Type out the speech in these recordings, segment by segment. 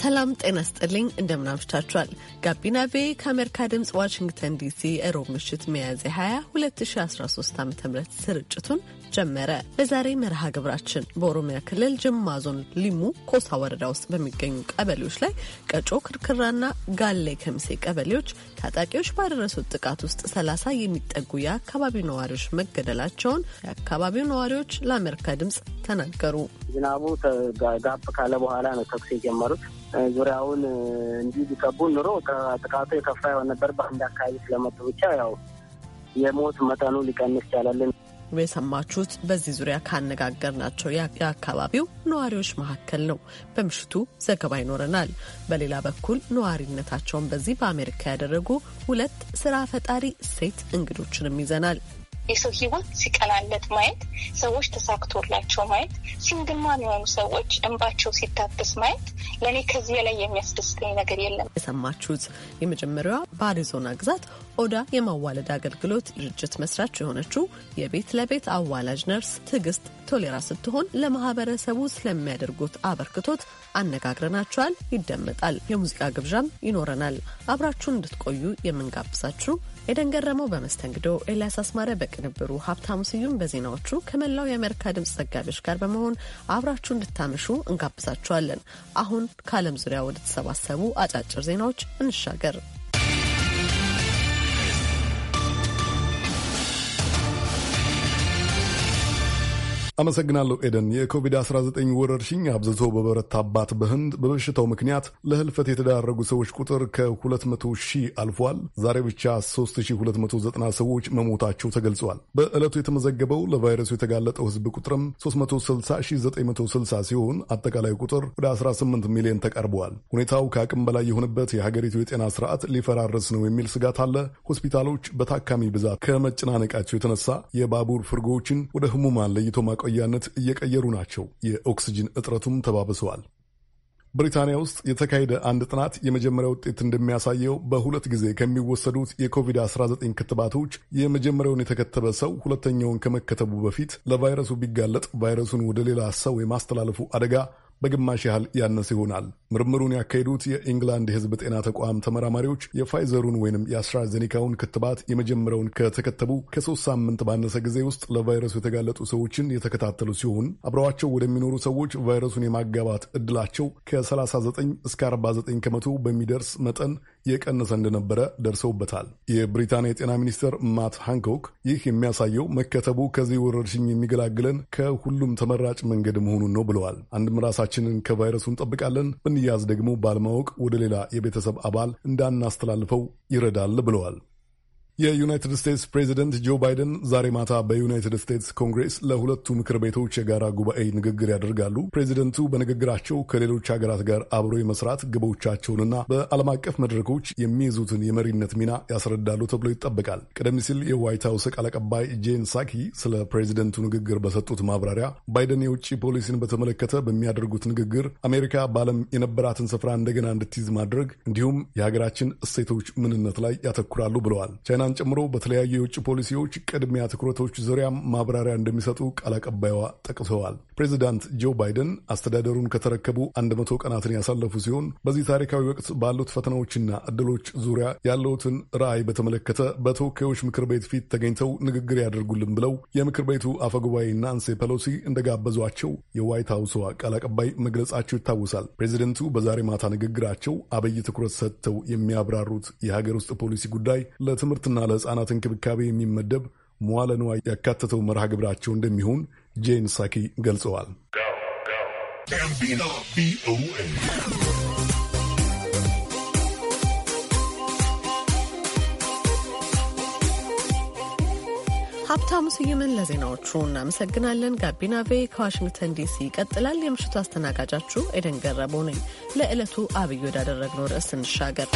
ሰላም ጤና ስጥልኝ፣ እንደምናምሽታችኋል። ጋቢና ቬ ከአሜሪካ ድምፅ ዋሽንግተን ዲሲ እሮብ ምሽት ሚያዝያ 20 2013 ዓ ም ስርጭቱን ጀመረ። በዛሬ መርሃ ግብራችን በኦሮሚያ ክልል ጅማ ዞን ሊሙ ኮሳ ወረዳ ውስጥ በሚገኙ ቀበሌዎች ላይ ቀጮ ክርክራና ጋሌ ከሚሴ ቀበሌዎች ታጣቂዎች ባደረሱት ጥቃት ውስጥ ሰላሳ የሚጠጉ የአካባቢው ነዋሪዎች መገደላቸውን የአካባቢው ነዋሪዎች ለአሜሪካ ድምጽ ተናገሩ። ዝናቡ ጋብ ካለ በኋላ ነው ተኩስ የጀመሩት። ዙሪያውን እንዲህ ቢከቡ ኑሮ ጥቃቱ የከፋ ይሆን ነበር። በአንድ አካባቢ ስለመጡ ብቻ ያው የሞት መጠኑ ሊቀንስ ይቻላልን የሰማችሁት በዚህ ዙሪያ ካነጋገርናቸው የአካባቢው ነዋሪዎች መካከል ነው። በምሽቱ ዘገባ ይኖረናል። በሌላ በኩል ነዋሪነታቸውን በዚህ በአሜሪካ ያደረጉ ሁለት ስራ ፈጣሪ ሴት እንግዶችንም ይዘናል። የሰው ህይወት ሲቀናለት ማየት፣ ሰዎች ተሳክቶላቸው ማየት፣ ሲንግልማን የሆኑ ሰዎች እንባቸው ሲታበስ ማየት ለእኔ ከዚህ በላይ የሚያስደስተኝ ነገር የለም። የሰማችሁት የመጀመሪያዋ በአሪዞና ግዛት ኦዳ የማዋለድ አገልግሎት ድርጅት መስራች የሆነችው የቤት ለቤት አዋላጅ ነርስ ትዕግስት ቶሌራ ስትሆን ለማህበረሰቡ ስለሚያደርጉት አበርክቶት አነጋግረናቸዋል። ይደመጣል። የሙዚቃ ግብዣም ይኖረናል። አብራችሁን እንድትቆዩ የምንጋብዛችሁ ኤደን ገረመው በመስተንግዶ፣ ኤልያስ አስማረ በቅንብሩ፣ ሀብታሙ ስዩም በዜናዎቹ ከመላው የአሜሪካ ድምፅ ዘጋቢዎች ጋር በመሆን አብራችሁ እንድታመሹ እንጋብዛችኋለን። አሁን ከዓለም ዙሪያ ወደተሰባሰቡ አጫጭር ዜናዎች እንሻገር። አመሰግናለሁ ኤደን። የኮቪድ-19 ወረርሽኝ አብዝቶ በበረታባት በህንድ በበሽታው ምክንያት ለህልፈት የተዳረጉ ሰዎች ቁጥር ከ200 ሺህ አልፏል። ዛሬ ብቻ 3290 ሰዎች መሞታቸው ተገልጿል። በዕለቱ የተመዘገበው ለቫይረሱ የተጋለጠው ህዝብ ቁጥርም 360960 ሲሆን አጠቃላይ ቁጥር ወደ 18 ሚሊዮን ተቀርበዋል። ሁኔታው ከአቅም በላይ የሆነበት የሀገሪቱ የጤና ስርዓት ሊፈራረስ ነው የሚል ስጋት አለ። ሆስፒታሎች በታካሚ ብዛት ከመጨናነቃቸው የተነሳ የባቡር ፍርጎዎችን ወደ ህሙማን ለይቶ ማቀ ማቆያነት እየቀየሩ ናቸው። የኦክስጂን እጥረቱም ተባብሰዋል። ብሪታንያ ውስጥ የተካሄደ አንድ ጥናት የመጀመሪያ ውጤት እንደሚያሳየው በሁለት ጊዜ ከሚወሰዱት የኮቪድ-19 ክትባቶች የመጀመሪያውን የተከተበ ሰው ሁለተኛውን ከመከተቡ በፊት ለቫይረሱ ቢጋለጥ ቫይረሱን ወደ ሌላ ሰው የማስተላለፉ አደጋ በግማሽ ያህል ያነስ ይሆናል። ምርምሩን ያካሄዱት የኢንግላንድ የሕዝብ ጤና ተቋም ተመራማሪዎች የፋይዘሩን ወይንም የአስትራዜኒካውን ክትባት የመጀመሪያውን ከተከተቡ ከሶስት ሳምንት ባነሰ ጊዜ ውስጥ ለቫይረሱ የተጋለጡ ሰዎችን የተከታተሉ ሲሆን አብረዋቸው ወደሚኖሩ ሰዎች ቫይረሱን የማጋባት ዕድላቸው ከ39 እስከ 49 ከመቶ በሚደርስ መጠን የቀነሰ እንደነበረ ደርሰውበታል። የብሪታንያ የጤና ሚኒስትር ማት ሃንኮክ ይህ የሚያሳየው መከተቡ ከዚህ ወረርሽኝ የሚገላግለን ከሁሉም ተመራጭ መንገድ መሆኑን ነው ብለዋል። አንድም ራሳችንን ከቫይረሱ እንጠብቃለን፣ ብንያዝ ደግሞ ባለማወቅ ወደ ሌላ የቤተሰብ አባል እንዳናስተላልፈው ይረዳል ብለዋል። የዩናይትድ ስቴትስ ፕሬዚደንት ጆ ባይደን ዛሬ ማታ በዩናይትድ ስቴትስ ኮንግሬስ ለሁለቱ ምክር ቤቶች የጋራ ጉባኤ ንግግር ያደርጋሉ። ፕሬዚደንቱ በንግግራቸው ከሌሎች ሀገራት ጋር አብሮ የመስራት ግቦቻቸውንና በዓለም አቀፍ መድረኮች የሚይዙትን የመሪነት ሚና ያስረዳሉ ተብሎ ይጠበቃል። ቀደም ሲል የዋይት ሀውስ ቃል አቀባይ ጄን ሳኪ ስለ ፕሬዚደንቱ ንግግር በሰጡት ማብራሪያ ባይደን የውጭ ፖሊሲን በተመለከተ በሚያደርጉት ንግግር አሜሪካ በዓለም የነበራትን ስፍራ እንደገና እንድትይዝ ማድረግ እንዲሁም የሀገራችን እሴቶች ምንነት ላይ ያተኩራሉ ብለዋል። ቻይና ሙስናን ጨምሮ በተለያዩ የውጭ ፖሊሲዎች ቅድሚያ ትኩረቶች ዙሪያ ማብራሪያ እንደሚሰጡ ቃል አቀባይዋ ጠቅሰዋል። ፕሬዚዳንት ጆ ባይደን አስተዳደሩን ከተረከቡ አንድ መቶ ቀናትን ያሳለፉ ሲሆን በዚህ ታሪካዊ ወቅት ባሉት ፈተናዎችና እድሎች ዙሪያ ያለውትን ራዕይ በተመለከተ በተወካዮች ምክር ቤት ፊት ተገኝተው ንግግር ያደርጉልን ብለው የምክር ቤቱ አፈጉባኤ ናንሲ ፔሎሲ እንደጋበዟቸው የዋይት ሀውስዋ ቃል አቀባይ መግለጻቸው ይታወሳል። ፕሬዚደንቱ በዛሬ ማታ ንግግራቸው አበይ ትኩረት ሰጥተው የሚያብራሩት የሀገር ውስጥ ፖሊሲ ጉዳይ ለትምህርት ለሴቶችና ለሕፃናት እንክብካቤ የሚመደብ መዋለ ንዋይ ያካተተው መርሃ ግብራቸው እንደሚሆን ጄን ሳኪ ገልጸዋል። ሀብታሙ ስዩምን ለዜናዎቹ እናመሰግናለን። ጋቢና ቬ ከዋሽንግተን ዲሲ ይቀጥላል። የምሽቱ አስተናጋጃችሁ ኤደን ገረቦ ነኝ። ለዕለቱ አብይ ወዳደረግነው ርዕስ እንሻገር።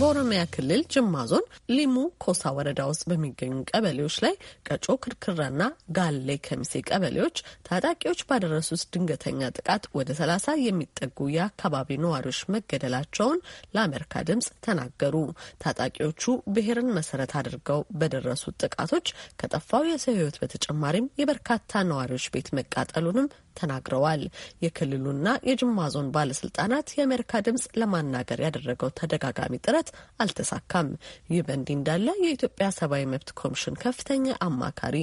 በኦሮሚያ ክልል ጅማ ዞን ሊሙ ኮሳ ወረዳ ውስጥ በሚገኙ ቀበሌዎች ላይ ቀጮ ክርክራና ጋሌ ከሚሴ ቀበሌዎች ታጣቂዎች ባደረሱት ድንገተኛ ጥቃት ወደ ሰላሳ የሚጠጉ የአካባቢ ነዋሪዎች መገደላቸውን ለአሜሪካ ድምጽ ተናገሩ። ታጣቂዎቹ ብሔርን መሰረት አድርገው በደረሱት ጥቃቶች ከጠፋው የሰው ህይወት በተጨማሪም የበርካታ ነዋሪዎች ቤት መቃጠሉንም ተናግረዋል። የክልሉና የጅማ ዞን ባለስልጣናት የአሜሪካ ድምጽ ለማናገር ያደረገው ተደጋጋሚ ጥረት አልተሳካም። ይህ በእንዲህ እንዳለ የኢትዮጵያ ሰብአዊ መብት ኮሚሽን ከፍተኛ አማካሪ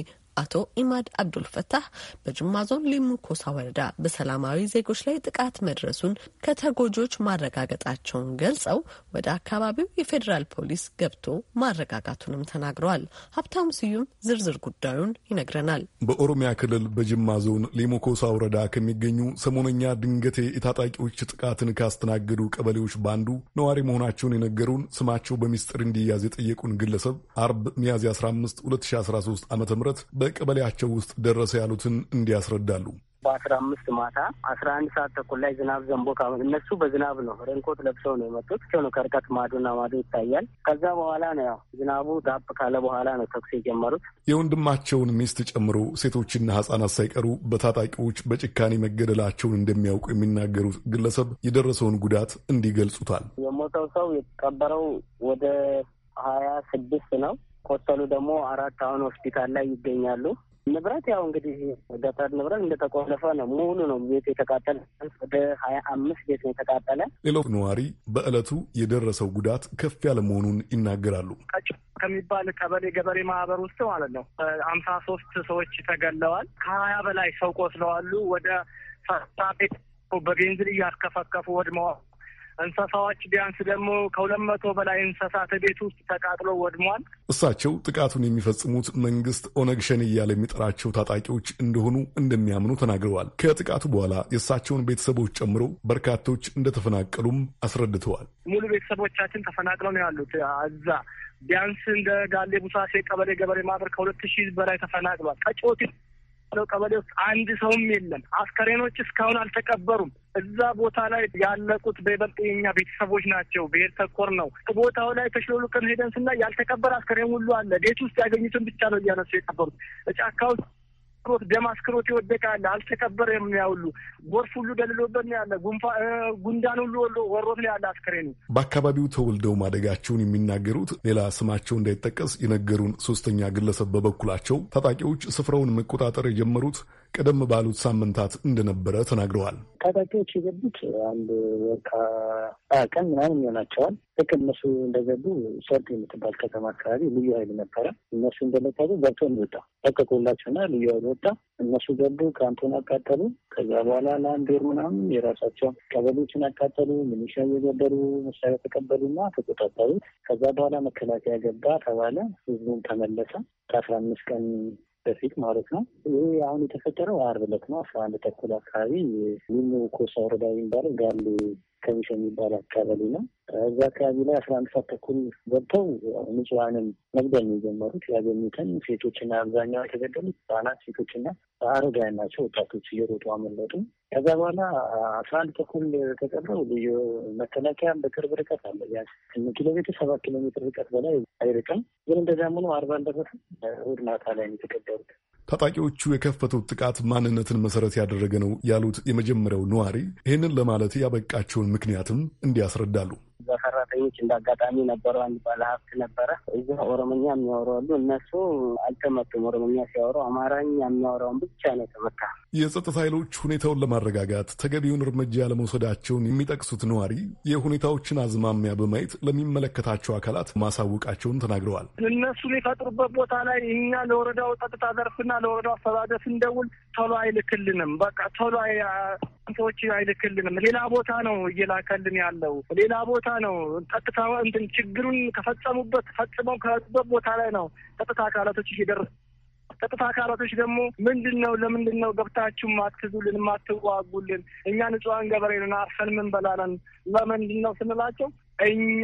አቶ ኢማድ አብዱልፈታህ በጅማ ዞን ሊሙ ኮሳ ወረዳ በሰላማዊ ዜጎች ላይ ጥቃት መድረሱን ከተጎጆች ማረጋገጣቸውን ገልጸው ወደ አካባቢው የፌዴራል ፖሊስ ገብቶ ማረጋጋቱንም ተናግረዋል። ሀብታሙ ስዩም ዝርዝር ጉዳዩን ይነግረናል። በኦሮሚያ ክልል በጅማ ዞን ሊሙ ኮሳ ወረዳ ከሚገኙ ሰሞነኛ ድንገቴ የታጣቂዎች ጥቃትን ካስተናገዱ ቀበሌዎች በአንዱ ነዋሪ መሆናቸውን የነገሩን ስማቸው በሚስጥር እንዲያዝ የጠየቁን ግለሰብ አርብ ሚያዝያ 15 2013 ዓ ም በቀበሌያቸው ውስጥ ደረሰ ያሉትን እንዲያስረዳሉ። በአስራ አምስት ማታ አስራ አንድ ሰዓት ተኩል ላይ ዝናብ ዘንቦ እነሱ በዝናብ ነው ሬንኮት ለብሰው ነው የመጡት ነው ከርቀት ማዶና ማዶ ይታያል። ከዛ በኋላ ነው ያው ዝናቡ ዳፕ ካለ በኋላ ነው ተኩስ የጀመሩት። የወንድማቸውን ሚስት ጨምሮ ሴቶችና ሕጻናት ሳይቀሩ በታጣቂዎች በጭካኔ መገደላቸውን እንደሚያውቁ የሚናገሩት ግለሰብ የደረሰውን ጉዳት እንዲገልጹታል። የሞተው ሰው የተቀበረው ወደ ሀያ ስድስት ነው ቆሰሉ ደግሞ አራት አሁን ሆስፒታል ላይ ይገኛሉ። ንብረት ያው እንግዲህ ገጠር ንብረት እንደተቆለፈ ነው። ሙሉ ነው ቤት የተቃጠለ ወደ ሀያ አምስት ቤት ነው የተቃጠለ። ሌላው ነዋሪ በእለቱ የደረሰው ጉዳት ከፍ ያለ መሆኑን ይናገራሉ። ከሚባል ቀበሌ ገበሬ ማህበር ውስጥ ማለት ነው አምሳ ሶስት ሰዎች ተገለዋል። ከሀያ በላይ ሰው ቆስለዋሉ። ወደ ቤት በቤንዝል እያስከፈከፉ ወድመዋል። እንስሳዎች ቢያንስ ደግሞ ከሁለት መቶ በላይ እንስሳት ቤት ውስጥ ተቃጥሎ ወድሟል። እሳቸው ጥቃቱን የሚፈጽሙት መንግስት ኦነግ ሸኔ እያለ የሚጠራቸው ታጣቂዎች እንደሆኑ እንደሚያምኑ ተናግረዋል። ከጥቃቱ በኋላ የእሳቸውን ቤተሰቦች ጨምሮ በርካቶች እንደተፈናቀሉም አስረድተዋል። ሙሉ ቤተሰቦቻችን ተፈናቅለው ነው ያሉት እዛ ቢያንስ እንደ ጋሌ ቡሳሴ ቀበሌ ገበሬ ማህበር ከሁለት ሺህ በላይ ተፈናቅሏል። ከጮቴ ነው። ቀበሌ ውስጥ አንድ ሰውም የለም። አስከሬኖች እስካሁን አልተቀበሩም። እዛ ቦታ ላይ ያለቁት በይበልጥ የኛ ቤተሰቦች ናቸው። ብሔር ተኮር ነው። ቦታው ላይ ተሽሎልቀን ሄደን ስና ያልተቀበረ አስከሬን ሁሉ አለ። ቤት ውስጥ ያገኙትን ብቻ ነው እያነሱ የቀበሩት። ጫካ ውስጥ ክሮት ደም አስክሮት ይወደቃል። አልተቀበረም ነው ያውሉ ጎርፍ ሁሉ ደልሎበት ነው ያለ ጉንዳን ሁሉ ወሎ ወሮት ነው ያለ አስክሬኑ። በአካባቢው ተወልደው ማደጋቸውን የሚናገሩት ሌላ ስማቸው እንዳይጠቀስ የነገሩን ሶስተኛ ግለሰብ በበኩላቸው ታጣቂዎች ስፍራውን መቆጣጠር የጀመሩት ቀደም ባሉት ሳምንታት እንደነበረ ተናግረዋል። ታጣቂዎች የገቡት አንድ ወርካ ቀን ምናምን ይሆናቸዋል። ልክ እነሱ እንደገቡ ሰርድ የምትባል ከተማ አካባቢ ልዩ ኃይል ነበረ። እነሱ እንደለቀቁ ገብቶ እንወጣ ለቀቁላቸውና ልዩ ኃይል ወጣ። እነሱ ገቡ፣ ካምፑን አቃጠሉ። ከዛ በኋላ ለአንድ ወር ምናምን የራሳቸውን ቀበሌዎችን አቃጠሉ፣ ሚሊሻ እየገበሩ መሳሪያ ተቀበሉና ተቆጣጠሩ። ከዛ በኋላ መከላከያ ገባ ተባለ። ህዝቡን ተመለሰ ከአስራ አምስት ቀን በፊት ማለት ነው። ይህ አሁን የተፈጠረው አርብ ዕለት ነው አስራ አንድ ተኩል አካባቢ ሚኖ ኮሳ ወረዳ የሚባለው ጋሉ ከሚስ የሚባል አካባቢ ነው። እዛ አካባቢ ላይ አስራ አንድ ሰዓት ተኩል ገብተው ንጹሐንን መግደል ነው የጀመሩት። ያገኙትን ሴቶችና አብዛኛው የተገደሉት ህጻናት፣ ሴቶችና አረጋውያን ናቸው። ወጣቶች እየሮጡ አመለጡ። ከዛ በኋላ አስራ አንድ ተኩል ተቀረው ልዩ መከላከያም በቅርብ ርቀት አለ። ቢያንስ ኪሎ ሜትር ሰባት ኪሎ ሜትር ርቀት በላይ አይርቅም። ግን እንደዚያም ሆኖ አርባ እንደረሰ እሑድ ማታ ላይ ነው የተገደሉት። ታጣቂዎቹ የከፈቱት ጥቃት ማንነትን መሰረት ያደረገ ነው ያሉት የመጀመሪያው ነዋሪ ይህንን ለማለት ያበቃቸውን ምክንያትም እንዲያስረዳሉ። እዛ ሰራተኞች እንዳጋጣሚ ነበሩ። አንድ ባለሀብት ነበረ እዛ ኦሮምኛ የሚያወራሉ። እነሱ አልተመቱም። ኦሮምኛ ሲያወሩ አማርኛ የሚያወራውን ብቻ ነው የተመታ። የጸጥታ ኃይሎች ሁኔታውን ለማረጋጋት ተገቢውን እርምጃ ለመውሰዳቸውን የሚጠቅሱት ነዋሪ የሁኔታዎችን አዝማሚያ በማየት ለሚመለከታቸው አካላት ማሳወቃቸውን ተናግረዋል። እነሱ የሚፈጥሩበት ቦታ ላይ እኛ ለወረዳው ጸጥታ ዘርፍና ለወረዳው አስተዳደር ስንደውል ቶሎ አይልክልንም። በቃ ቶሎ ሰዎች አይልክልንም። ሌላ ቦታ ነው እየላከልን ያለው ሌላ ቦታ ነው። ጸጥታ እንትን ችግሩን ከፈጸሙበት ፈጽመው ከበት ቦታ ላይ ነው ጸጥታ አካላቶች እየደረሱ ጸጥታ አካላቶች ደግሞ ምንድን ነው ለምንድን ነው ገብታችሁ ማትክዙልን ማትዋጉልን? እኛ ንጹሐን ገበሬ ነን፣ አርፈን ምን በላለን? ለምንድን ነው ስንላቸው እኛ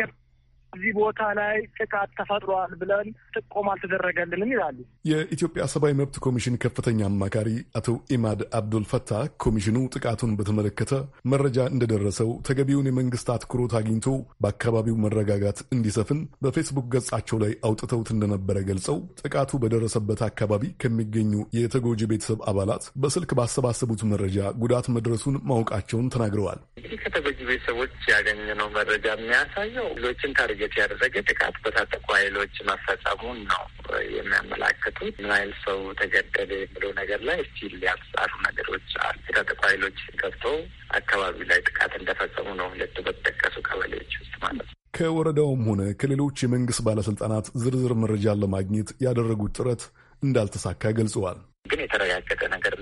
እዚህ ቦታ ላይ ጥቃት ተፈጥሯል ብለን ጥቆም አልተደረገልንም ይላሉ። የኢትዮጵያ ሰብአዊ መብት ኮሚሽን ከፍተኛ አማካሪ አቶ ኢማድ አብዱል ፈታህ ኮሚሽኑ ጥቃቱን በተመለከተ መረጃ እንደደረሰው ተገቢውን የመንግስት አትኩሮት አግኝቶ በአካባቢው መረጋጋት እንዲሰፍን በፌስቡክ ገጻቸው ላይ አውጥተውት እንደነበረ ገልጸው ጥቃቱ በደረሰበት አካባቢ ከሚገኙ የተጎጂ ቤተሰብ አባላት በስልክ ባሰባሰቡት መረጃ ጉዳት መድረሱን ማወቃቸውን ተናግረዋል። ከተጎጂ ቤተሰቦች ያገኘነው መረጃ የሚያሳየው ሌሎችን ታርጌ ታርጌት ያደረገ ጥቃት በታጠቁ ኃይሎች መፈጸሙን ነው የሚያመላክቱት። ምን ያህል ሰው ተገደለ የሚለው ነገር ላይ ስቲል ያልተጻሩ ነገሮች አሉ። የታጠቁ ኃይሎች ገብተው አካባቢ ላይ ጥቃት እንደፈጸሙ ነው ሁለቱ በተጠቀሱ ቀበሌዎች ውስጥ ማለት ነው። ከወረዳውም ሆነ ከሌሎች የመንግስት ባለስልጣናት ዝርዝር መረጃ ለማግኘት ያደረጉት ጥረት እንዳልተሳካ ገልጸዋል። ግን የተረጋገጠ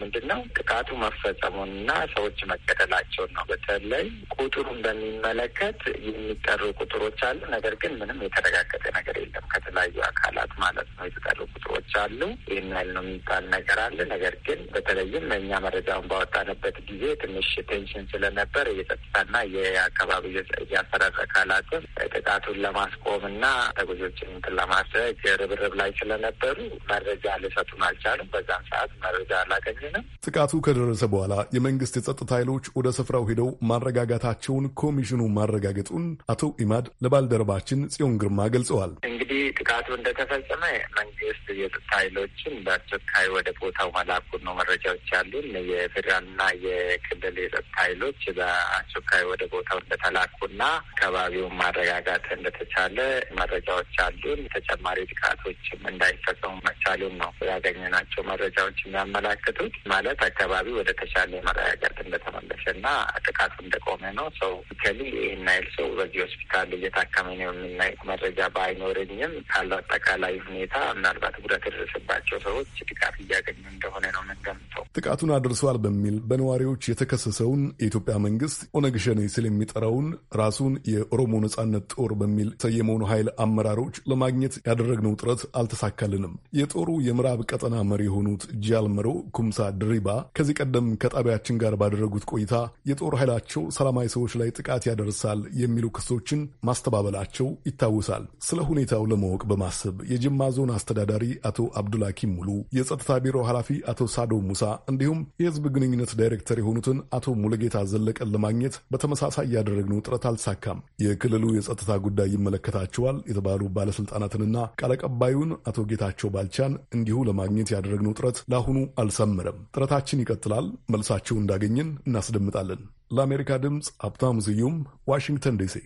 ምንድን ነው ጥቃቱ መፈጸሙንና ሰዎች መገደላቸውን ነው። በተለይ ቁጥሩን በሚመለከት የሚጠሩ ቁጥሮች አሉ። ነገር ግን ምንም የተረጋገጠ ነገር የለም ከተለያዩ አካላት ማለት ነው። የተጠሩ ቁጥሮች አሉ። ይህን ያህል ነው የሚባል ነገር አለ። ነገር ግን በተለይም እኛ መረጃውን ባወጣንበት ጊዜ ትንሽ ቴንሽን ስለነበር የጸጥታና የአካባቢ የአሰራር አካላትን ጥቃቱን ለማስቆምና ተጎጆችን እንትን ለማድረግ ርብርብ ላይ ስለነበሩ መረጃ ልሰጡን አልቻሉም። በዛም ሰዓት መረጃ አላገኘንም። አይደለም። ጥቃቱ ከደረሰ በኋላ የመንግስት የጸጥታ ኃይሎች ወደ ስፍራው ሄደው ማረጋጋታቸውን ኮሚሽኑ ማረጋገጡን አቶ ኢማድ ለባልደረባችን ጽዮን ግርማ ገልጸዋል። እንግዲህ ጥቃቱ እንደተፈጸመ መንግስት የጸጥታ ኃይሎችን በአስቸኳይ ወደ ቦታው መላኩን ነው መረጃዎች ያሉን። የፌዴራልና የክልል የጸጥታ ኃይሎች በአስቸኳይ ወደ ቦታው እንደተላኩና አካባቢውን ማረጋጋት እንደተቻለ መረጃዎች አሉን። ተጨማሪ ጥቃቶችም እንዳይፈጸሙ መቻሉን ነው ያገኘናቸው መረጃዎች የሚያመላክቱት። ማለት አካባቢ ወደ ተቻለ መረጋጋት እንደተመለሰና ጥቃቱ እንደቆመ ነው። ሰው ከሊ ይህን ያህል ሰው በዚህ ሆስፒታል እየታከመ ነው የምናይ መረጃ ባይኖረኝም ካለው አጠቃላይ ሁኔታ ምናልባት ጉዳት የደረሰባቸው ሰዎች ድጋፍ እያገኙ እንደሆነ ነው የምንገምተው። ጥቃቱን አድርሰዋል በሚል በነዋሪዎች የተከሰሰውን የኢትዮጵያ መንግስት ኦነግ ሸኔ ስል የሚጠራውን ራሱን የኦሮሞ ነጻነት ጦር በሚል ሰየመውን ኃይል አመራሮች ለማግኘት ያደረግነው ጥረት አልተሳካልንም። የጦሩ የምዕራብ ቀጠና መሪ የሆኑት ጃልመሮ ኩምሳ ድሪባ ከዚህ ቀደም ከጣቢያችን ጋር ባደረጉት ቆይታ የጦር ኃይላቸው ሰላማዊ ሰዎች ላይ ጥቃት ያደርሳል የሚሉ ክሶችን ማስተባበላቸው ይታወሳል። ስለ ሁኔታው ለመ ለማወቅ በማሰብ የጅማ ዞን አስተዳዳሪ አቶ አብዱልሐኪም ሙሉ፣ የጸጥታ ቢሮ ኃላፊ አቶ ሳዶ ሙሳ እንዲሁም የህዝብ ግንኙነት ዳይሬክተር የሆኑትን አቶ ሙሉጌታ ዘለቀን ለማግኘት በተመሳሳይ ያደረግነው ጥረት አልተሳካም። የክልሉ የጸጥታ ጉዳይ ይመለከታቸዋል የተባሉ ባለስልጣናትንና ቃል አቀባዩን አቶ ጌታቸው ባልቻን እንዲሁ ለማግኘት ያደረግነው ጥረት ለአሁኑ አልሰመረም። ጥረታችን ይቀጥላል። መልሳቸው እንዳገኘን እናስደምጣለን። ለአሜሪካ ድምፅ ሀብታሙ ስዩም ዋሽንግተን ዲሲ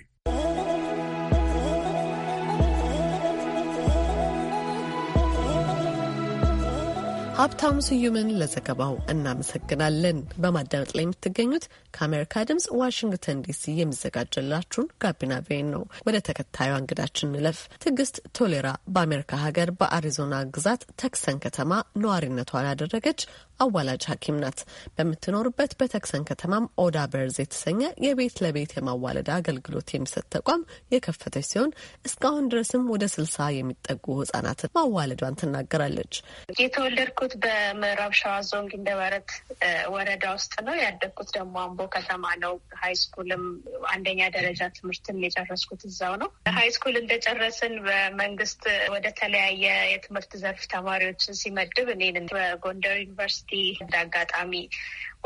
ሀብታሙ ስዩምን ለዘገባው እናመሰግናለን። በማዳመጥ ላይ የምትገኙት ከአሜሪካ ድምጽ ዋሽንግተን ዲሲ የሚዘጋጀላችሁን ጋቢና ቬን ነው። ወደ ተከታዩ እንግዳችን እንለፍ። ትዕግስት ቶሌራ በአሜሪካ ሀገር በአሪዞና ግዛት ተክሰን ከተማ ነዋሪነቷን ያደረገች አዋላጅ ሐኪም ናት። በምትኖርበት በተክሰን ከተማም ኦዳ በርዝ የተሰኘ የቤት ለቤት የማዋለድ አገልግሎት የሚሰጥ ተቋም የከፈተች ሲሆን እስካሁን ድረስም ወደ ስልሳ የሚጠጉ ህጻናትን ማዋለዷን ትናገራለች። የተወለድኩት የተወለድኩት በምዕራብ ሸዋ ዞን ግንደበረት ወረዳ ውስጥ ነው። ያደግኩት ደግሞ አምቦ ከተማ ነው። ሀይ ስኩልም አንደኛ ደረጃ ትምህርትም የጨረስኩት እዛው ነው። ሀይ ስኩል እንደጨረስን በመንግስት ወደ ተለያየ የትምህርት ዘርፍ ተማሪዎችን ሲመድብ እኔን በጎንደር ዩኒቨርሲቲ እንዳጋጣሚ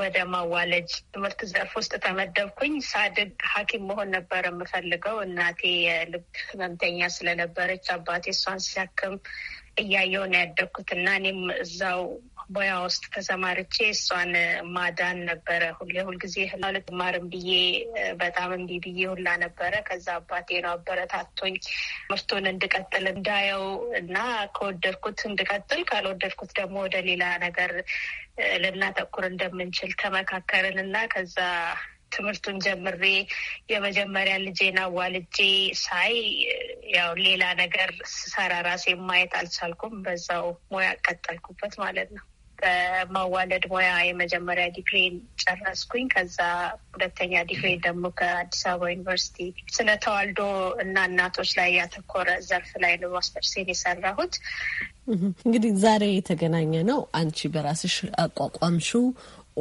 ወደ ማዋለጅ ትምህርት ዘርፍ ውስጥ ተመደብኩኝ። ሳድግ ሐኪም መሆን ነበር የምፈልገው። እናቴ የልብ ህመምተኛ ስለነበረች አባቴ እሷን ሲያክም እያየሁ ነው ያደግኩት እና እኔም እዛው ቦያ ውስጥ ተሰማርቼ እሷን ማዳን ነበረ ሁሌ ሁልጊዜ ሁለት ማርም ብዬ በጣም እንዲ ብዬ ሁላ ነበረ። ከዛ አባቴ ነው አበረታቶኝ ምርቱን እንድቀጥል እንዳየው እና ከወደድኩት እንድቀጥል ካልወደድኩት ደግሞ ወደ ሌላ ነገር ልናተኩር እንደምንችል ተመካከርን እና ከዛ ትምህርቱን ጀምሬ የመጀመሪያ ልጄን አዋልጄ ሳይ ያው ሌላ ነገር ስሰራ ራሴ ማየት አልቻልኩም። በዛው ሙያ ቀጠልኩበት ማለት ነው። በማዋለድ ሙያ የመጀመሪያ ዲግሪን ጨረስኩኝ። ከዛ ሁለተኛ ዲግሪን ደግሞ ከአዲስ አበባ ዩኒቨርሲቲ ስነ ተዋልዶ እና እናቶች ላይ ያተኮረ ዘርፍ ላይ ነው ማስተርሴን የሰራሁት። እንግዲህ ዛሬ የተገናኘ ነው አንቺ በራስሽ አቋቋምሽው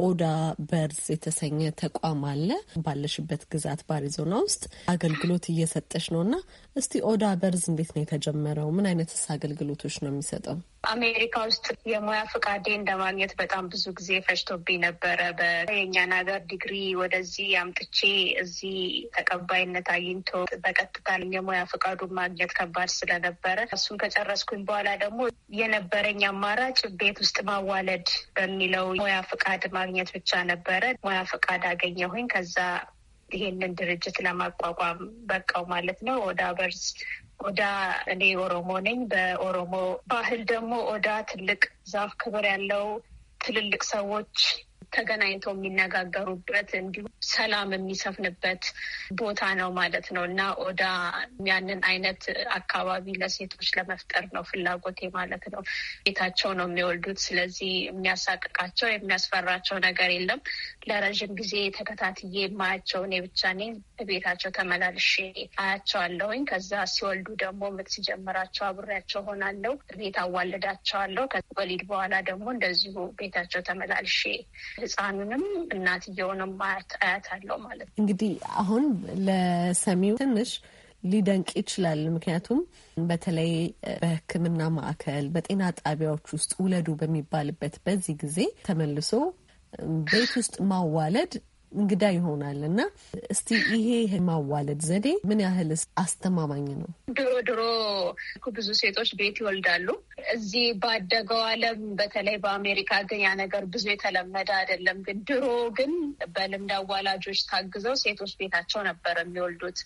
ኦዳ በርዝ የተሰኘ ተቋም አለ። ባለሽበት ግዛት በአሪዞና ውስጥ አገልግሎት እየሰጠች ነው እና እስቲ ኦዳ በርዝ እንዴት ነው የተጀመረው? ምን አይነትስ አገልግሎቶች ነው የሚሰጠው? አሜሪካ ውስጥ የሙያ ፍቃዴ እንደማግኘት በጣም ብዙ ጊዜ ፈጅቶብኝ ነበረ። በየኛን ሀገር ዲግሪ ወደዚህ አምጥቼ እዚህ ተቀባይነት አግኝቶ በቀጥታ የሙያ ፍቃዱን ማግኘት ከባድ ስለነበረ እሱን ከጨረስኩኝ በኋላ ደግሞ የነበረኝ አማራጭ ቤት ውስጥ ማዋለድ በሚለው ሙያ ፍቃድ ማግኘት ብቻ ነበረ። ሙያ ፍቃድ አገኘሁኝ ከዛ ይሄንን ድርጅት ለማቋቋም በቃው ማለት ነው። ኦዳ በርስ ኦዳ እኔ ኦሮሞ ነኝ። በኦሮሞ ባህል ደግሞ ኦዳ ትልቅ ዛፍ ክብር ያለው ትልልቅ ሰዎች ተገናኝተው የሚነጋገሩበት እንዲሁም ሰላም የሚሰፍንበት ቦታ ነው ማለት ነው እና ኦዳ ያንን አይነት አካባቢ ለሴቶች ለመፍጠር ነው ፍላጎቴ ማለት ነው። ቤታቸው ነው የሚወልዱት። ስለዚህ የሚያሳቅቃቸው የሚያስፈራቸው ነገር የለም። ለረዥም ጊዜ ተከታትዬ የማያቸው እኔ ብቻ ነኝ። ቤታቸው ተመላልሼ አያቸዋለሁኝ። ከዛ ሲወልዱ ደግሞ ምጥ ሲጀምራቸው አብሬያቸው ሆናለሁ። ቤት አዋልዳቸዋለሁ። ከወሊድ በኋላ ደግሞ እንደዚሁ ቤታቸው ተመላልሼ ህፃኑንም እናትየውንም አለው ማለት ነው። እንግዲህ አሁን ለሰሚው ትንሽ ሊደንቅ ይችላል። ምክንያቱም በተለይ በሕክምና ማዕከል በጤና ጣቢያዎች ውስጥ ውለዱ በሚባልበት በዚህ ጊዜ ተመልሶ ቤት ውስጥ ማዋለድ እንግዳ ይሆናል እና እስቲ ይሄ የማዋለድ ዘዴ ምን ያህል አስተማማኝ ነው? ድሮ ድሮ ብዙ ሴቶች ቤት ይወልዳሉ። እዚህ ባደገው ዓለም በተለይ በአሜሪካ ግን ያ ነገር ብዙ የተለመደ አይደለም። ግን ድሮ ግን በልምድ አዋላጆች ታግዘው ሴቶች ቤታቸው ነበር የሚወልዱት።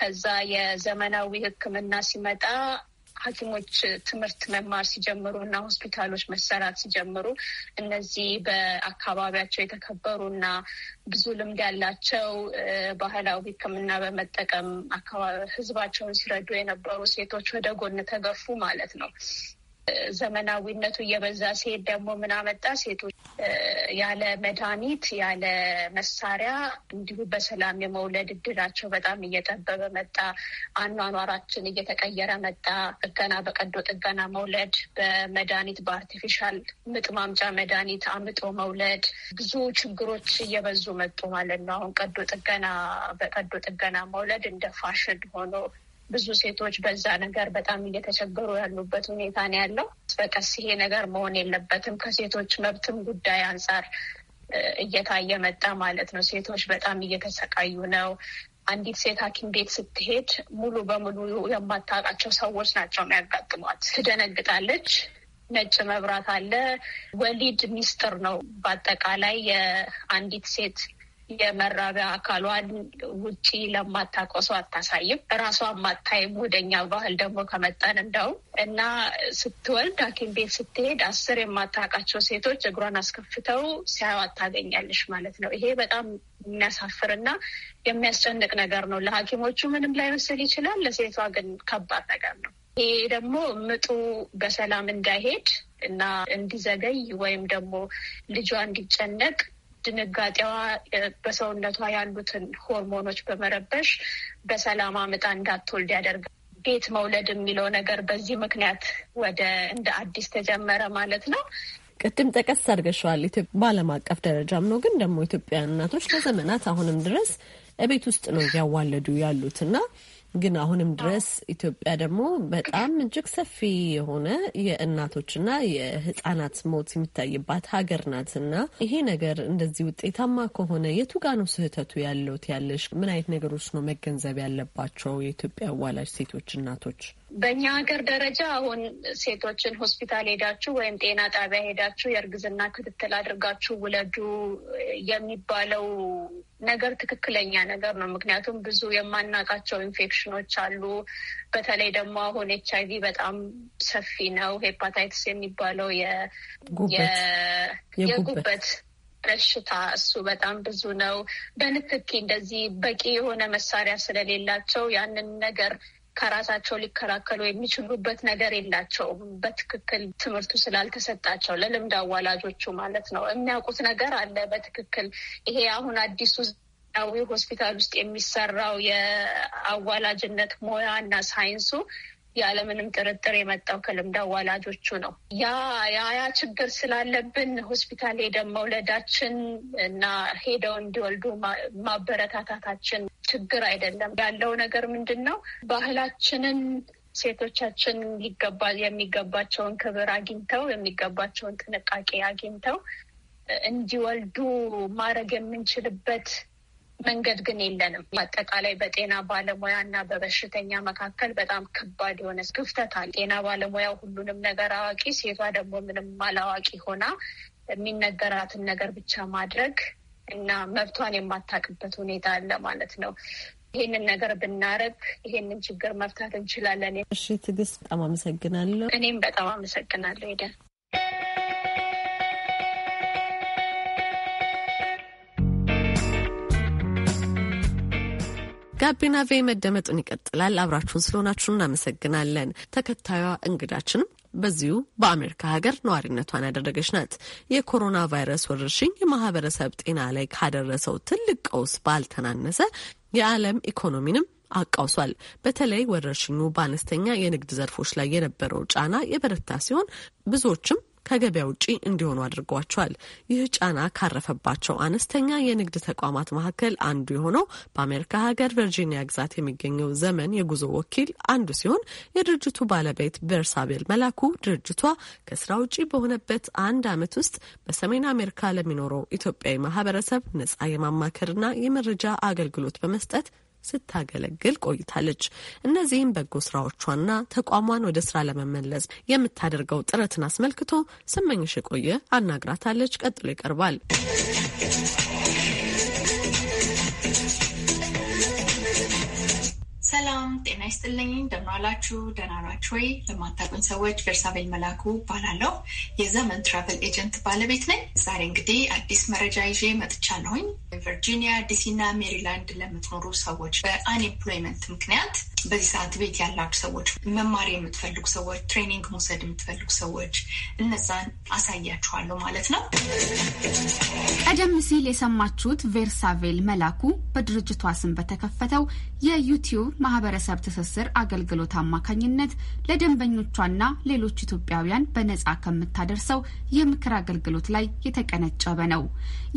ከዛ የዘመናዊ ሕክምና ሲመጣ ሐኪሞች ትምህርት መማር ሲጀምሩ እና ሆስፒታሎች መሰራት ሲጀምሩ እነዚህ በአካባቢያቸው የተከበሩ እና ብዙ ልምድ ያላቸው ባህላዊ ሕክምና በመጠቀም ህዝባቸውን ሲረዱ የነበሩ ሴቶች ወደ ጎን ተገፉ ማለት ነው። ዘመናዊነቱ እየበዛ ሲሄድ ደግሞ ምን አመጣ? ሴቶች ያለ መድኃኒት ያለ መሳሪያ እንዲሁ በሰላም የመውለድ እድላቸው በጣም እየጠበበ መጣ። አኗኗራችን እየተቀየረ መጣ። ጥገና፣ በቀዶ ጥገና መውለድ፣ በመድኃኒት በአርቲፊሻል ምጥ ማምጫ መድኃኒት አምጦ መውለድ፣ ብዙ ችግሮች እየበዙ መጡ ማለት ነው። አሁን ቀዶ ጥገና፣ በቀዶ ጥገና መውለድ እንደ ፋሽን ሆኖ ብዙ ሴቶች በዛ ነገር በጣም እየተቸገሩ ያሉበት ሁኔታ ነው ያለው። በቀስ ይሄ ነገር መሆን የለበትም ከሴቶች መብትም ጉዳይ አንጻር እየታየ መጣ ማለት ነው። ሴቶች በጣም እየተሰቃዩ ነው። አንዲት ሴት ሐኪም ቤት ስትሄድ ሙሉ በሙሉ የማታውቃቸው ሰዎች ናቸው የሚያጋጥሟት። ትደነግጣለች። ነጭ መብራት አለ። ወሊድ ሚስጥር ነው። በአጠቃላይ የአንዲት ሴት የመራቢያ አካሏን ውጪ ሰው አታሳይም። ራሷን ማታይም። ወደኛ ባህል ደግሞ ከመጠን እንደውም እና ስትወልድ ሐኪም ቤት ስትሄድ አስር የማታውቃቸው ሴቶች እግሯን አስከፍተው ሲያዩ ታገኛለሽ ማለት ነው። ይሄ በጣም የሚያሳፍር የሚያስጨንቅ ነገር ነው። ለሐኪሞቹ ምንም ላይመስል ይችላል። ለሴቷ ግን ከባድ ነገር ነው። ይሄ ደግሞ ምጡ በሰላም እንዳይሄድ እና እንዲዘገይ ወይም ደግሞ ልጇ እንዲጨነቅ ድንጋጤዋ በሰውነቷ ያሉትን ሆርሞኖች በመረበሽ በሰላም አምጣ እንዳትወልድ ያደርጋል። ቤት መውለድ የሚለው ነገር በዚህ ምክንያት ወደ እንደ አዲስ ተጀመረ ማለት ነው። ቅድም ጠቀስ አድርገሸዋል። በዓለም አቀፍ ደረጃም ነው፣ ግን ደግሞ ኢትዮጵያውያን እናቶች ለዘመናት አሁንም ድረስ ቤት ውስጥ ነው እያዋለዱ ያሉት እና ግን አሁንም ድረስ ኢትዮጵያ ደግሞ በጣም እጅግ ሰፊ የሆነ የእናቶችና የህጻናት ሞት የሚታይባት ሀገር ናት እና ይሄ ነገር እንደዚህ ውጤታማ ከሆነ የቱ ጋ ነው ስህተቱ ያለውት ያለሽ ምን አይነት ነገሮች ነው መገንዘብ ያለባቸው የኢትዮጵያ አዋላጅ ሴቶች እናቶች? በእኛ ሀገር ደረጃ አሁን ሴቶችን ሆስፒታል ሄዳችሁ ወይም ጤና ጣቢያ ሄዳችሁ የእርግዝና ክትትል አድርጋችሁ ውለዱ የሚባለው ነገር ትክክለኛ ነገር ነው። ምክንያቱም ብዙ የማናውቃቸው ኢንፌክሽኖች አሉ። በተለይ ደግሞ አሁን ኤች አይቪ በጣም ሰፊ ነው። ሄፓታይትስ የሚባለው የጉበት በሽታ እሱ በጣም ብዙ ነው። በንክኪ እንደዚህ በቂ የሆነ መሳሪያ ስለሌላቸው ያንን ነገር ከራሳቸው ሊከላከሉ የሚችሉበት ነገር የላቸውም። በትክክል ትምህርቱ ስላልተሰጣቸው ለልምድ አዋላጆቹ ማለት ነው። የሚያውቁት ነገር አለ በትክክል ይሄ አሁን አዲሱ ዊ ሆስፒታል ውስጥ የሚሰራው የአዋላጅነት ሙያ እና ሳይንሱ ያለምንም ጥርጥር የመጣው ከልምዳ ወላጆቹ ነው። ያ ያ ችግር ስላለብን ሆስፒታል ሄደን መውለዳችን እና ሄደው እንዲወልዱ ማበረታታታችን ችግር አይደለም። ያለው ነገር ምንድን ነው? ባህላችንን ሴቶቻችን ሊገባ የሚገባቸውን ክብር አግኝተው የሚገባቸውን ጥንቃቄ አግኝተው እንዲወልዱ ማድረግ የምንችልበት መንገድ ግን የለንም። አጠቃላይ በጤና ባለሙያ እና በበሽተኛ መካከል በጣም ከባድ የሆነ ክፍተት አለ። ጤና ባለሙያው ሁሉንም ነገር አዋቂ፣ ሴቷ ደግሞ ምንም አላዋቂ ሆና የሚነገራትን ነገር ብቻ ማድረግ እና መብቷን የማታውቅበት ሁኔታ አለ ማለት ነው። ይህንን ነገር ብናረግ ይሄንን ችግር መፍታት እንችላለን። እሺ ትዕግስት፣ በጣም አመሰግናለሁ። እኔም በጣም አመሰግናለሁ ሄደን ጋቢና ቬ መደመጡን ይቀጥላል። አብራችሁን ስለሆናችሁ እናመሰግናለን። ተከታዩ እንግዳችንም በዚሁ በአሜሪካ ሀገር ነዋሪነቷን ያደረገች ናት። የኮሮና ቫይረስ ወረርሽኝ የማህበረሰብ ጤና ላይ ካደረሰው ትልቅ ቀውስ ባልተናነሰ የዓለም ኢኮኖሚንም አቃውሷል። በተለይ ወረርሽኙ በአነስተኛ የንግድ ዘርፎች ላይ የነበረው ጫና የበረታ ሲሆን ብዙዎችም ከገበያ ውጪ እንዲሆኑ አድርጓቸዋል። ይህ ጫና ካረፈባቸው አነስተኛ የንግድ ተቋማት መካከል አንዱ የሆነው በአሜሪካ ሀገር ቨርጂኒያ ግዛት የሚገኘው ዘመን የጉዞ ወኪል አንዱ ሲሆን የድርጅቱ ባለቤት በርሳቤል መላኩ ድርጅቷ ከስራ ውጪ በሆነበት አንድ አመት ውስጥ በሰሜን አሜሪካ ለሚኖረው ኢትዮጵያዊ ማህበረሰብ ነጻ የማማከርና የመረጃ አገልግሎት በመስጠት ስታገለግል ቆይታለች። እነዚህም በጎ ስራዎቿና ተቋሟን ወደ ስራ ለመመለስ የምታደርገው ጥረትን አስመልክቶ ስመኝሽ የቆየ አናግራታለች። ቀጥሎ ይቀርባል። ሰላም ጤና ይስጥልኝ። እንደምናላችሁ ደህና ናችሁ ወይ? ለማታውቁኝ ሰዎች ቤርሳቤል መላኩ እባላለሁ። የዘመን ትራቨል ኤጀንት ባለቤት ነኝ። ዛሬ እንግዲህ አዲስ መረጃ ይዤ መጥቻለሁኝ። ቨርጂኒያ፣ ዲሲ እና ሜሪላንድ ለምትኖሩ ሰዎች በአንኤምፕሎይመንት ምክንያት በዚህ ሰዓት ቤት ያላችሁ ሰዎች፣ መማር የምትፈልጉ ሰዎች፣ ትሬኒንግ መውሰድ የምትፈልጉ ሰዎች እነዛን አሳያችኋለሁ ማለት ነው። ቀደም ሲል የሰማችሁት ቬርሳቬል መላኩ በድርጅቷ ስም በተከፈተው የዩቲዩብ ማህበረሰብ ትስስር አገልግሎት አማካኝነት ለደንበኞቿና ሌሎች ኢትዮጵያውያን በነጻ ከምታደርሰው የምክር አገልግሎት ላይ የተቀነጨበ ነው።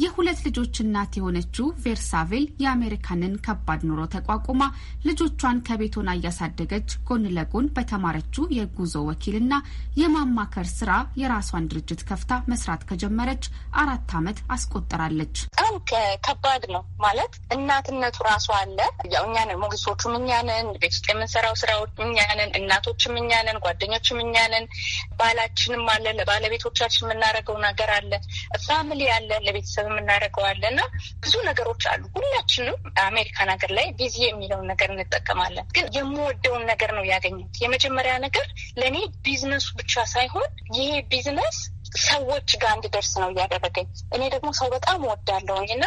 የሁለት ልጆች እናት የሆነችው ቬርሳቬል የአሜሪካንን ከባድ ኑሮ ተቋቁማ ልጆቿን ከቤት ሀገሪቱን እያሳደገች ጎን ለጎን በተማረችው የጉዞ ወኪልና የማማከር ስራ የራሷን ድርጅት ከፍታ መስራት ከጀመረች አራት አመት አስቆጠራለች። በጣም ከባድ ነው ማለት እናትነቱ ራሱ አለ። ያው እኛንን ሞግዚሶቹም እኛንን፣ ቤት ውስጥ የምንሰራው ስራዎች እኛንን፣ እናቶችም እኛንን፣ ጓደኞችም እኛንን፣ ባላችንም አለ፣ ለባለቤቶቻችን የምናደርገው ነገር አለ፣ ፋሚሊ አለ፣ ለቤተሰብ የምናደርገው አለ እና ብዙ ነገሮች አሉ። ሁላችንም አሜሪካን ሀገር ላይ ቢዚ የሚለውን ነገር እንጠቀማለን ግን የምወደውን ነገር ነው ያገኘሁት። የመጀመሪያ ነገር ለእኔ ቢዝነሱ ብቻ ሳይሆን ይሄ ቢዝነስ ሰዎች ጋር እንድደርስ ነው እያደረገኝ። እኔ ደግሞ ሰው በጣም ወዳለሁኝ እና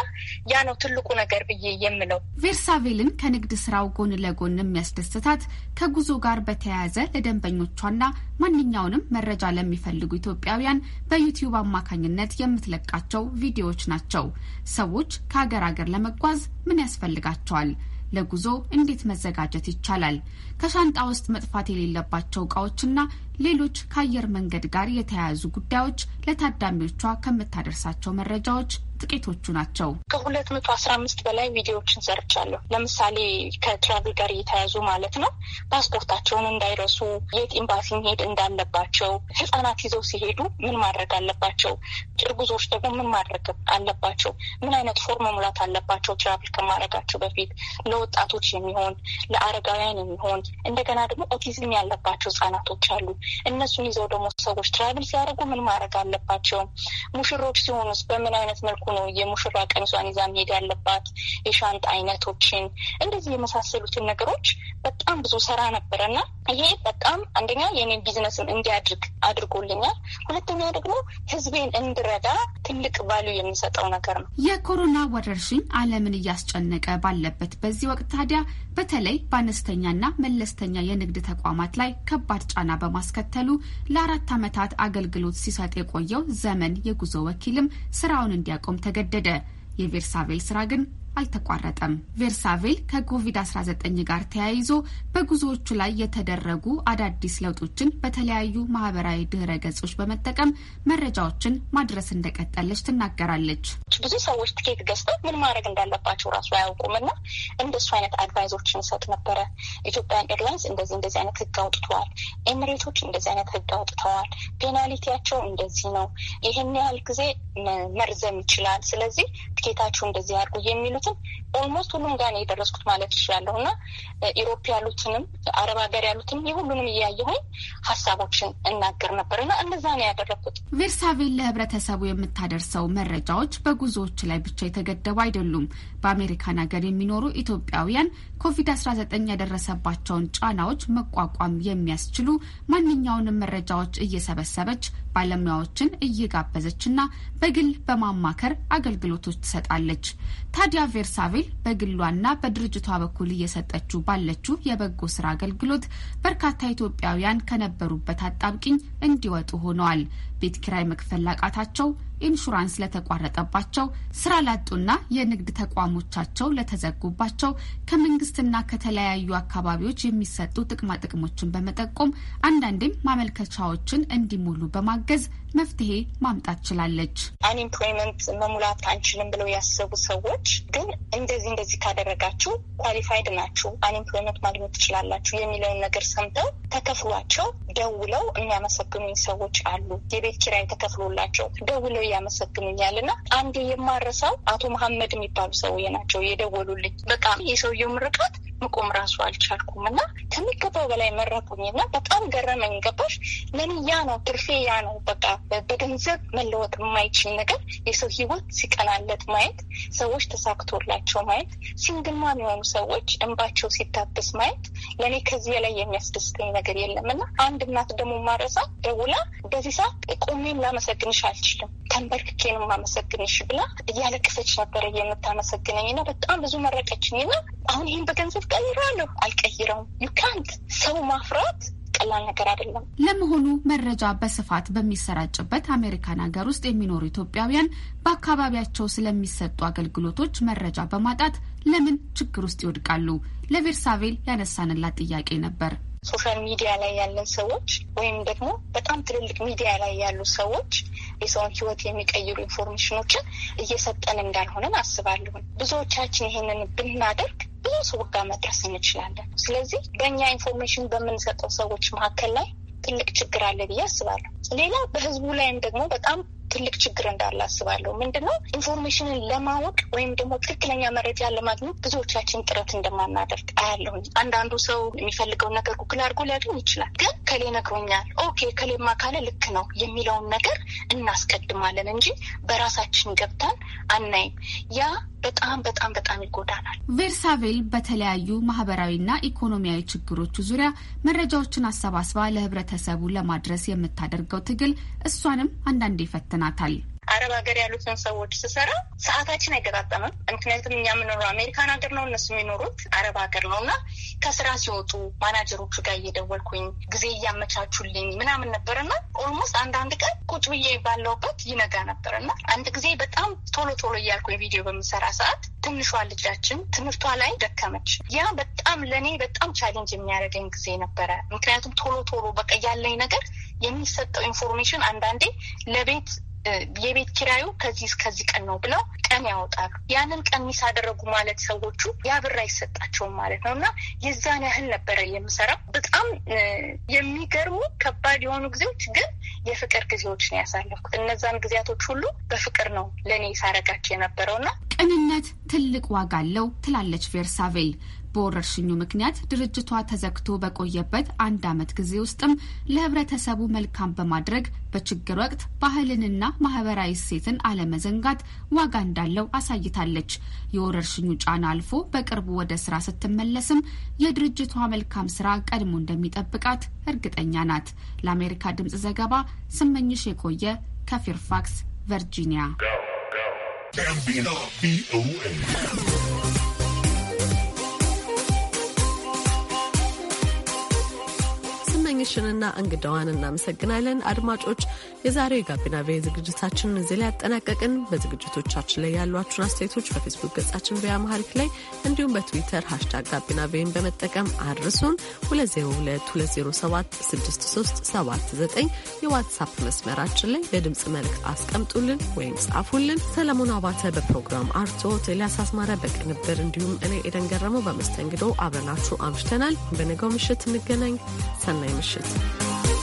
ያ ነው ትልቁ ነገር ብዬ የምለው። ቬርሳቬልን ከንግድ ስራው ጎን ለጎን የሚያስደስታት ከጉዞ ጋር በተያያዘ ለደንበኞቿና ማንኛውንም መረጃ ለሚፈልጉ ኢትዮጵያውያን በዩቲዩብ አማካኝነት የምትለቃቸው ቪዲዮዎች ናቸው። ሰዎች ከሀገር ሀገር ለመጓዝ ምን ያስፈልጋቸዋል? ለጉዞ እንዴት መዘጋጀት ይቻላል? ከሻንጣ ውስጥ መጥፋት የሌለባቸው እቃዎችና ሌሎች ከአየር መንገድ ጋር የተያያዙ ጉዳዮች ለታዳሚዎቿ ከምታደርሳቸው መረጃዎች ጥቂቶቹ ናቸው። ከሁለት መቶ አስራ አምስት በላይ ቪዲዮዎችን ሰርቻለሁ። ለምሳሌ ከትራቭል ጋር እየተያዙ ማለት ነው። ፓስፖርታቸውን እንዳይረሱ፣ የት ኤምባሲ መሄድ እንዳለባቸው፣ ህጻናት ይዘው ሲሄዱ ምን ማድረግ አለባቸው፣ እርጉዞች ደግሞ ምን ማድረግ አለባቸው፣ ምን አይነት ፎርም መሙላት አለባቸው፣ ትራቭል ከማድረጋቸው በፊት ለወጣቶች የሚሆን ለአረጋውያን የሚሆን እንደገና ደግሞ ኦቲዝም ያለባቸው ህጻናቶች አሉ። እነሱን ይዘው ደግሞ ሰዎች ትራቭል ሲያደርጉ ምን ማድረግ አለባቸው? ሙሽሮች ሲሆኑስ በምን አይነት መልኩ ነው የሙሽራ ቀሚሷን ይዛ መሄድ ያለባት? የሻንጣ አይነቶችን እንደዚህ የመሳሰሉትን ነገሮች በጣም ብዙ ስራ ነበረ እና ይሄ በጣም አንደኛ የኔ ቢዝነስም እንዲያድርግ አድርጎልኛል። ሁለተኛ ደግሞ ህዝቤን እንድረዳ ትልቅ ባሉ የሚሰጠው ነገር ነው። የኮሮና ወረርሽኝ ዓለምን እያስጨነቀ ባለበት በዚህ ወቅት ታዲያ በተለይ በአነስተኛና መ መለስተኛ የንግድ ተቋማት ላይ ከባድ ጫና በማስከተሉ ለአራት ዓመታት አገልግሎት ሲሰጥ የቆየው ዘመን የጉዞ ወኪልም ስራውን እንዲያቆም ተገደደ። የቬርሳቬል ስራ ግን አልተቋረጠም። ቬርሳቬል ከኮቪድ-19 ጋር ተያይዞ በጉዞዎቹ ላይ የተደረጉ አዳዲስ ለውጦችን በተለያዩ ማህበራዊ ድህረ ገጾች በመጠቀም መረጃዎችን ማድረስ እንደቀጠለች ትናገራለች። ብዙ ሰዎች ትኬት ገዝተው ምን ማድረግ እንዳለባቸው ራሱ አያውቁም እና እንደሱ አይነት አድቫይዞችን ይሰጥ ነበረ። ኢትዮጵያን ኤርላይንስ እንደዚህ እንደዚህ አይነት ህግ አውጥተዋል፣ ኤምሬቶች እንደዚህ አይነት ህግ አውጥተዋል፣ ፔናሊቲያቸው እንደዚህ ነው፣ ይህን ያህል ጊዜ መርዘም ይችላል፣ ስለዚህ ትኬታችሁ እንደዚህ አድርጉ የሚሉ ሀገራችን ኦልሞስት ሁሉም ጋር ነው የደረስኩት ማለት ይችላለሁ እና ኢሮፕ ያሉትንም አረብ ሀገር ያሉትን የሁሉንም እያየሁኝ ሀሳቦችን እናገር ነበር እና እንደዛ ነው ያደረግኩት። ቬርሳቬል ለህብረተሰቡ የምታደርሰው መረጃዎች በጉዞዎች ላይ ብቻ የተገደቡ አይደሉም። በአሜሪካን ሀገር የሚኖሩ ኢትዮጵያውያን ኮቪድ-19 ያደረሰባቸውን ጫናዎች መቋቋም የሚያስችሉ ማንኛውንም መረጃዎች እየሰበሰበች ባለሙያዎችን እየጋበዘችና በግል በማማከር አገልግሎቶች ትሰጣለች። ታዲያ ቬርሳቬል በግሏና በድርጅቷ በኩል እየሰጠችው ባለችው የበጎ ስራ አገልግሎት በርካታ ኢትዮጵያውያን ከነበሩበት አጣብቂኝ እንዲወጡ ሆነዋል። ቤት ኪራይ መክፈል ላቃታቸው ኢንሹራንስ ለተቋረጠባቸው፣ ስራ ላጡና የንግድ ተቋሞቻቸው ለተዘጉባቸው ከመንግስትና ከተለያዩ አካባቢዎች የሚሰጡ ጥቅማ ጥቅሞችን በመጠቆም አንዳንዴም ማመልከቻዎችን እንዲሞሉ በማገዝ መፍትሄ ማምጣት ችላለች። አንኢምፕሎይመንት መሙላት አንችልም ብለው ያሰቡ ሰዎች ግን እንደዚህ እንደዚህ ካደረጋችሁ ኳሊፋይድ ናችሁ፣ አንኢምፕሎይመንት ማግኘት ትችላላችሁ የሚለውን ነገር ሰምተው ተከፍሏቸው ደውለው የሚያመሰግኑኝ ሰዎች አሉ። የቤት ኪራይ ተከፍሎላቸው ደውለው እያመሰግኑኛል እና አንድ የማረሳው አቶ መሀመድ የሚባሉ ሰውዬ ናቸው የደወሉልኝ። በቃ የሰውየው ምርቃት መቆም ራሱ አልቻልኩም እና ከሚገባው በላይ መረቁኝ እና በጣም ገረመኝ። ገባሽ? ለኔ ያ ነው ትርፌ፣ ያ ነው በቃ በገንዘብ መለወጥ የማይችል ነገር የሰው ህይወት ሲቀናለት ማየት፣ ሰዎች ተሳክቶላቸው ማየት፣ ሲንግልማም የሆኑ ሰዎች እንባቸው ሲታበስ ማየት ለእኔ ከዚህ በላይ የሚያስደስተኝ ነገር የለም እና አንድ እናት ደግሞ ማረሳ ደውላ በዚህ ሰዓት ቆሜም ላመሰግንሽ አልችልም ተንበርክኬን አመሰግንሽ ብላ እያለቀሰች ነበረ የምታመሰግነኝ እና በጣም ብዙ መረቀችኝ እና አሁን ይህን በገንዘብ ትቀይረዋለሁ? አልቀይረውም። ዩካንት ሰው ማፍራት ቀላል ነገር አይደለም። ለመሆኑ መረጃ በስፋት በሚሰራጭበት አሜሪካን ሀገር ውስጥ የሚኖሩ ኢትዮጵያውያን በአካባቢያቸው ስለሚሰጡ አገልግሎቶች መረጃ በማጣት ለምን ችግር ውስጥ ይወድቃሉ? ለቬርሳቬል ያነሳንላት ጥያቄ ነበር። ሶሻል ሚዲያ ላይ ያለን ሰዎች ወይም ደግሞ በጣም ትልልቅ ሚዲያ ላይ ያሉ ሰዎች የሰውን ሕይወት የሚቀይሩ ኢንፎርሜሽኖችን እየሰጠን እንዳልሆነን አስባለሁን። ብዙዎቻችን ይሄንን ብናደርግ ብዙ ሰው ጋር መድረስ እንችላለን። ስለዚህ በእኛ ኢንፎርሜሽን በምንሰጠው ሰዎች መካከል ላይ ትልቅ ችግር አለ ብዬ አስባለሁ። ሌላ በህዝቡ ላይም ደግሞ በጣም ትልቅ ችግር እንዳለ አስባለሁ። ምንድነው ኢንፎርሜሽንን ለማወቅ ወይም ደግሞ ትክክለኛ መረጃ ለማግኘት ብዙዎቻችን ጥረት እንደማናደርግ አያለሁ። አንዳንዱ ሰው የሚፈልገውን ነገር ጉግል አድርጎ ሊያገኝ ይችላል። ግን ከሌ ነግሮኛል፣ ኦኬ ከሌ ማካለ ልክ ነው የሚለውን ነገር እናስቀድማለን እንጂ በራሳችን ገብተን አናይም። ያ በጣም በጣም በጣም ይጎዳናል። ቬርሳቬል በተለያዩ ማህበራዊና ኢኮኖሚያዊ ችግሮች ዙሪያ መረጃዎችን አሰባስባ ለህብረተሰቡ ለማድረስ የምታደርገው ትግል እሷንም አንዳንዴ ይፈትናታል። አረብ ሀገር ያሉትን ሰዎች ስሰራ ሰዓታችን አይገጣጠምም። ምክንያቱም እኛ የምኖረው አሜሪካን ሀገር ነው፣ እነሱ የሚኖሩት አረብ ሀገር ነው እና ከስራ ሲወጡ ማናጀሮቹ ጋር እየደወልኩኝ ጊዜ እያመቻቹልኝ ምናምን ነበር ኦልሞስት አንዳንድ ቀን ቁጭ ብዬ ባለውበት ይነጋ ነበር አንድ ጊዜ በጣም ቶሎ ቶሎ እያልኩኝ ቪዲዮ በምሰራ ሰዓት ትንሿ ልጃችን ትምህርቷ ላይ ደከመች። ያ በጣም ለእኔ በጣም ቻሌንጅ የሚያደርገኝ ጊዜ ነበረ። ምክንያቱም ቶሎ ቶሎ በቃ ያለኝ ነገር የሚሰጠው ኢንፎርሜሽን አንዳንዴ ለቤት የቤት ኪራዩ ከዚህ እስከዚህ ቀን ነው ብለው ቀን ያወጣሉ። ያንን ቀን ሚስ አደረጉ ማለት ሰዎቹ ያ ብር አይሰጣቸውም ማለት ነው እና የዛን ያህል ነበረ የምሰራው። በጣም የሚገርሙ ከባድ የሆኑ ጊዜዎች ግን የፍቅር ጊዜዎች ነው ያሳለፍኩት። እነዛን ጊዜያቶች ሁሉ በፍቅር ነው ለእኔ ሳረጋች የነበረውና ቅንነት ትልቅ ዋጋ አለው ትላለች ቬርሳቬል በወረርሽኙ ምክንያት ድርጅቷ ተዘግቶ በቆየበት አንድ ዓመት ጊዜ ውስጥም ለህብረተሰቡ መልካም በማድረግ በችግር ወቅት ባህልንና ማህበራዊ እሴትን አለመዘንጋት ዋጋ እንዳለው አሳይታለች። የወረርሽኙ ጫና አልፎ በቅርቡ ወደ ስራ ስትመለስም የድርጅቷ መልካም ስራ ቀድሞ እንደሚጠብቃት እርግጠኛ ናት። ለአሜሪካ ድምፅ ዘገባ ስመኝሽ የቆየ ከፌርፋክስ ቨርጂኒያ። ቴክኒሽንና እንግዳዋን እናመሰግናለን። አድማጮች የዛሬው የጋቢና ቪ ዝግጅታችንን እዚህ ላይ ያጠናቀቅን። በዝግጅቶቻችን ላይ ያሏችሁን አስተያየቶች በፌስቡክ ገጻችን ቪያ ላይ እንዲሁም በትዊተር ሃሽታግ ጋቢና ቪን በመጠቀም አድርሱን። 2022076379 የዋትሳፕ መስመራችን ላይ በድምፅ መልእክት አስቀምጡልን ወይም ጻፉልን። ሰለሞን አባተ በፕሮግራም አርቶት፣ ኤልያስ አስማረ በቅንብር እንዲሁም እኔ ኤደን ገረመው በመስተንግዶ አብረናችሁ አምሽተናል። በነገው ምሽት እንገናኝ። ሰናይ ምሽት። delicious.